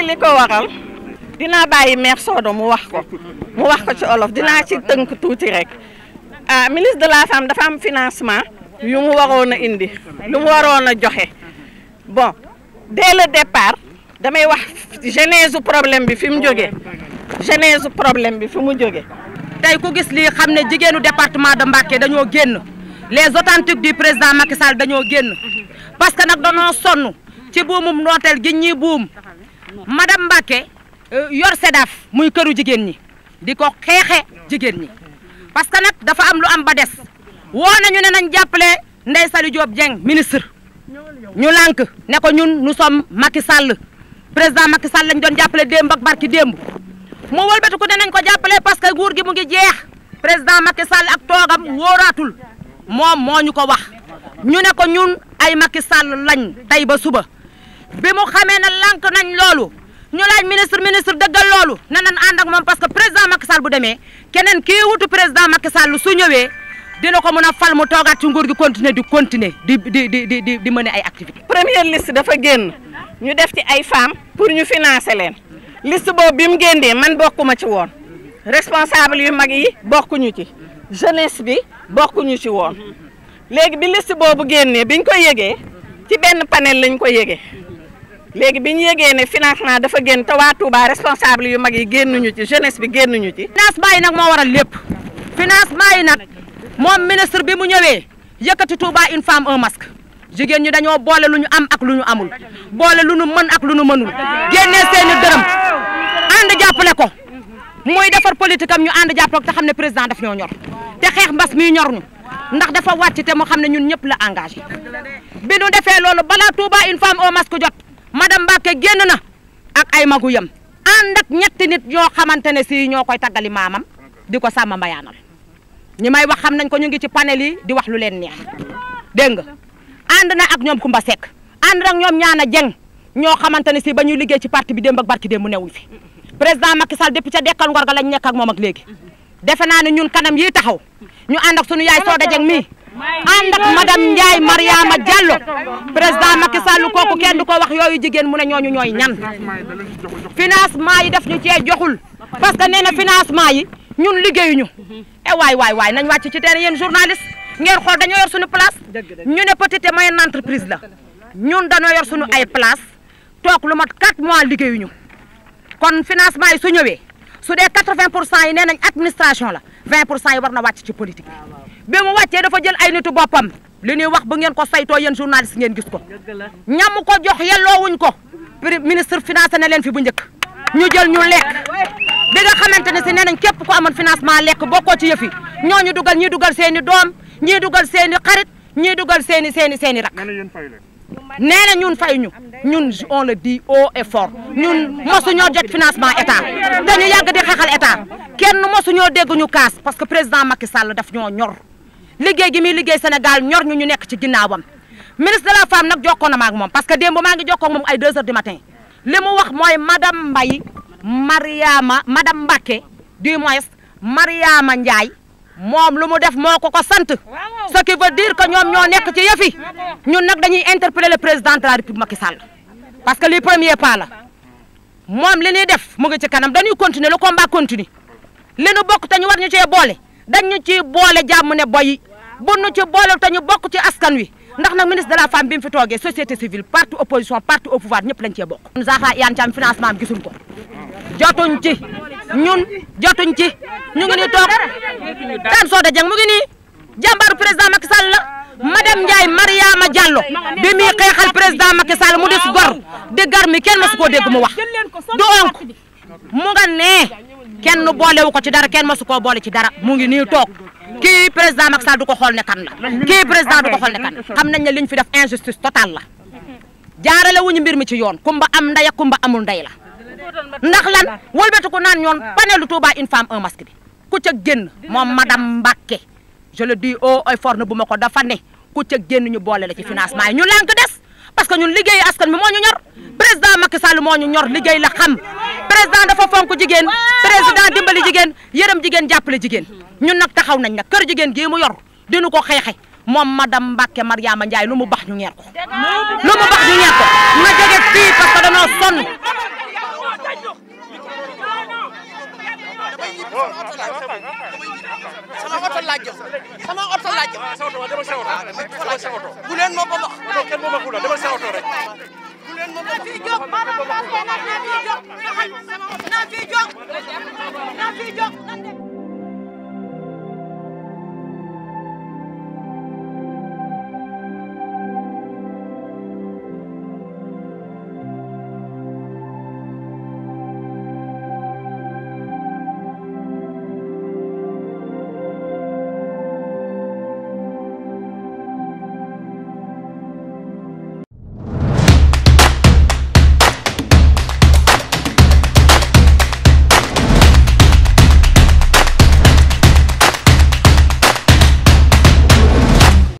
li li ko waral dinaa bàyyi maire Sodo mu wax ko mu wax ko ci olof dinaa ci tënk tuuti rek ah ministre de la femme dafa am financement yu mu waroon a indi lu mu waroon a joxe bon dès le départ damay wax genèse problème bi fi mu jógee genèse problème bi fu mu jóge tey ku gis lii xam ne jigéenu département de Mbacké dañoo génn les authentiques du président Macky Sall dañoo génn parce que nag dañoo sonn ci buumum nooteel gi ñi buum madame Mbacke euh, yor SEDAF muy këru jigéen ñi di ko xeexe jigéen ñi parce que nag dafa am lu am ba des woo nañu ne nañ jàppale Ndeye Saly Diop Dieng ministre ñu lànk ne ko ñun nous som Macky Sall président Macky Sall lañ doon jàppale démb ak barki démb mu wëlbatiku ne nañ ko jàppale parce que nguur gi mu ngi jeex président Macky Sall ak toogam wóoraatul moom moo ñu ko wax ñu ne ko ñun ay Macky Sall lañ tey ba suba bi mu xamee ne lànk nañ loolu ñu laaj ministre ministre dëggal loolu ne nan ànd ak moom parce que président Macky Sall bu demee keneen kii wutu président Macky Sall su ñëwee dina ko mën a fal mu toogaat ci nguur gi continuer di continuer di di di di di mener ay activités. première liste dafa génn ñu def ci ay femmes pour ñu financer leen liste boobu bi mu génnee man ma ci woon responsable yu mag yi bokkuñu ci jeunesse bi bokkuñu ci woon léegi bi liste boobu génnee biñ ko yëgee ci benn panel lañ ko yëgee. léegi bi ñu yëgee ne financement dafa génn te waa Touba responsable yu mag yi génnuñu ci jeunesse bi génnuñu ci. financement yi nag moo waral lépp financement yi nag moom ministre bi mu ñëwee yëkkati Touba une femme un masque jigéen ñi dañoo boole lu ñu am ak lu ñu amul boole lu ñu mën ak lu ñu mënul génnee seeni dërëm ànd jàppale ko muy defar politique am ñu ànd jàppale ko te xam ne président daf ñoo ñor te xeex mbas mi ñor ñu ndax dafa wàcc te mu xam ne ñun ñëpp la engagé bi nu defee loolu balaa Touba une femme un masque jot. madam Mbacke génn na ak ay magu yam ànd ak ñetti nit ñoo xamante ne si ñoo koy taggali maamam di ko sàmm mbayaanal ñi may wax xam nañ ko ñu ngi ci panel yi di wax lu leen neex dégg nga ànd na ak ñoom Kumba sek ànd ak ñoom ñaana jeng ñoo xamante ne si ba ñu liggéey ci parti bi dem ak barki démb mu newuñ fi président Macky Sall depuis ca dekkal ngor ga lañ nekk ak moom ak léegi defe naa ne ñun kanam yi taxaw ñu ànd sunu yaay Soda Jeng mii ànd ak madame Ndiaye Mariama Diallo président Macky Sall kooku kenn du ko wax yooyu jigéen mu ne ñooñu ñooy ñan financement yi def ñu cee joxul parce que nee na financement yi ñun liggéeyuñu e waay waay waay nañ wàcc ci teen yéen journaliste ngeen xool dañoo yor suñu place ñu ne petite et moyenne entreprise la ñun dañoo yor suñu ay place took lu mat 4 mois liggéeyuñu kon financement yi su ñëwee su dee 80 pour cent yi nee nañ administration la 20 pour cent yi war na wàcc ci politique bi mu wàccee dafa jël ay nitu boppam li ñuy wax bu ngeen ko saytoo yéen journaliste ngeen gis ko ñam ko jox yelloowuñ ko ministre finance ne leen fi bu njëkk ñu jël ñu lekk bi nga xamante ne si nee nañ képp ku amoon financement lekk bokkoo ci yëf ñoo ñu dugal ñii dugal seeni i doom ñii dugal seen i xarit ñii dugal seeni seeni seen i seen i rak nee na ñun fay ñu ñun on le dit haut et fort ñun mosuñoo jot financement état ñu yàgg di xeexal état kenn mosuñoo dégg ñu kaas parce que président Macky Sall daf ñoo ñor liggéey gi muy liggéey Sénégal ñor ñu ñu nekk ci ginnaawam ministre de la femme nag jokkoo na ma ak moom parce que démb maa ngi jokkoo moom ay 2 heures du matin li mu wax mooy madame Mbaye Mariama madame Mbacké du moins Mariama Ndiaye moom lu mu def moo ko ko sant ce qui veut dire que ñoom ñoo nekk ci yëfi ñun nag dañuy interpeller le président de la république Macky parce que lii premier pas la moom li ñuy def mu ngi ci kanam dañuy continuer le combat continue li nu bokk te war ñu cee boole dañu ciy boole jàmm ne boy bu nu ci boole te ñu bokk ci askan wi ndax nag ministre de la femme bi mu fi toogee société civile parti opposition parti au pouvoir ñëpp lañ cee bokk. ñun Zahra Iyane Thiam financement am gisuñ ko jotuñ ci ñun jotuñ ci ñu ngi nii toog daan Soda Dieng mu ngi nii jàmbaaru président Macky Sall la madame Ndiaye Mariama Diallo bi muy xeexal président Macky Sall mu des gor di gar mi kenn masu koo dégg mu wax du onk mu nga nee kenn boolewu ko ci dara kenn masu koo boole ci dara mu ngi nii toog. kii président Macky Sall du ko xool ne kan la kii président du ko xool ne kan la xam nañ ne li ñu fi def injustice totale la jaarale wuñu mbir mi ci yoon kumba am ndey ak kumba amul ndey la ndax lan wëlbatiku naan ñoon ah. panelu Touba une femme un masque bi ku ca génn moom madame Mbacke je le dis haut et fort bu ma ko dafa ne ku ca génn ñu boole la ci financement yi ñu lànk des parce que ñun liggéey askan mi moo ñu ñor président Macky Sall moo ñu ñor liggéey la xam président dafa fonk jigéen président dimbali jigéen yërëm jigéen jàppale jigéen ñun nag taxaw nañ nag kër jigéen gii mu yor dinu ko xeexe moom madame Mbacke Mariama Ndiaye lu mu bax lu mu bax ñu ñeer ko na jóge fii parce que naa fi jóg maanaam naa fi jóg naa fi jóg naa fi jóg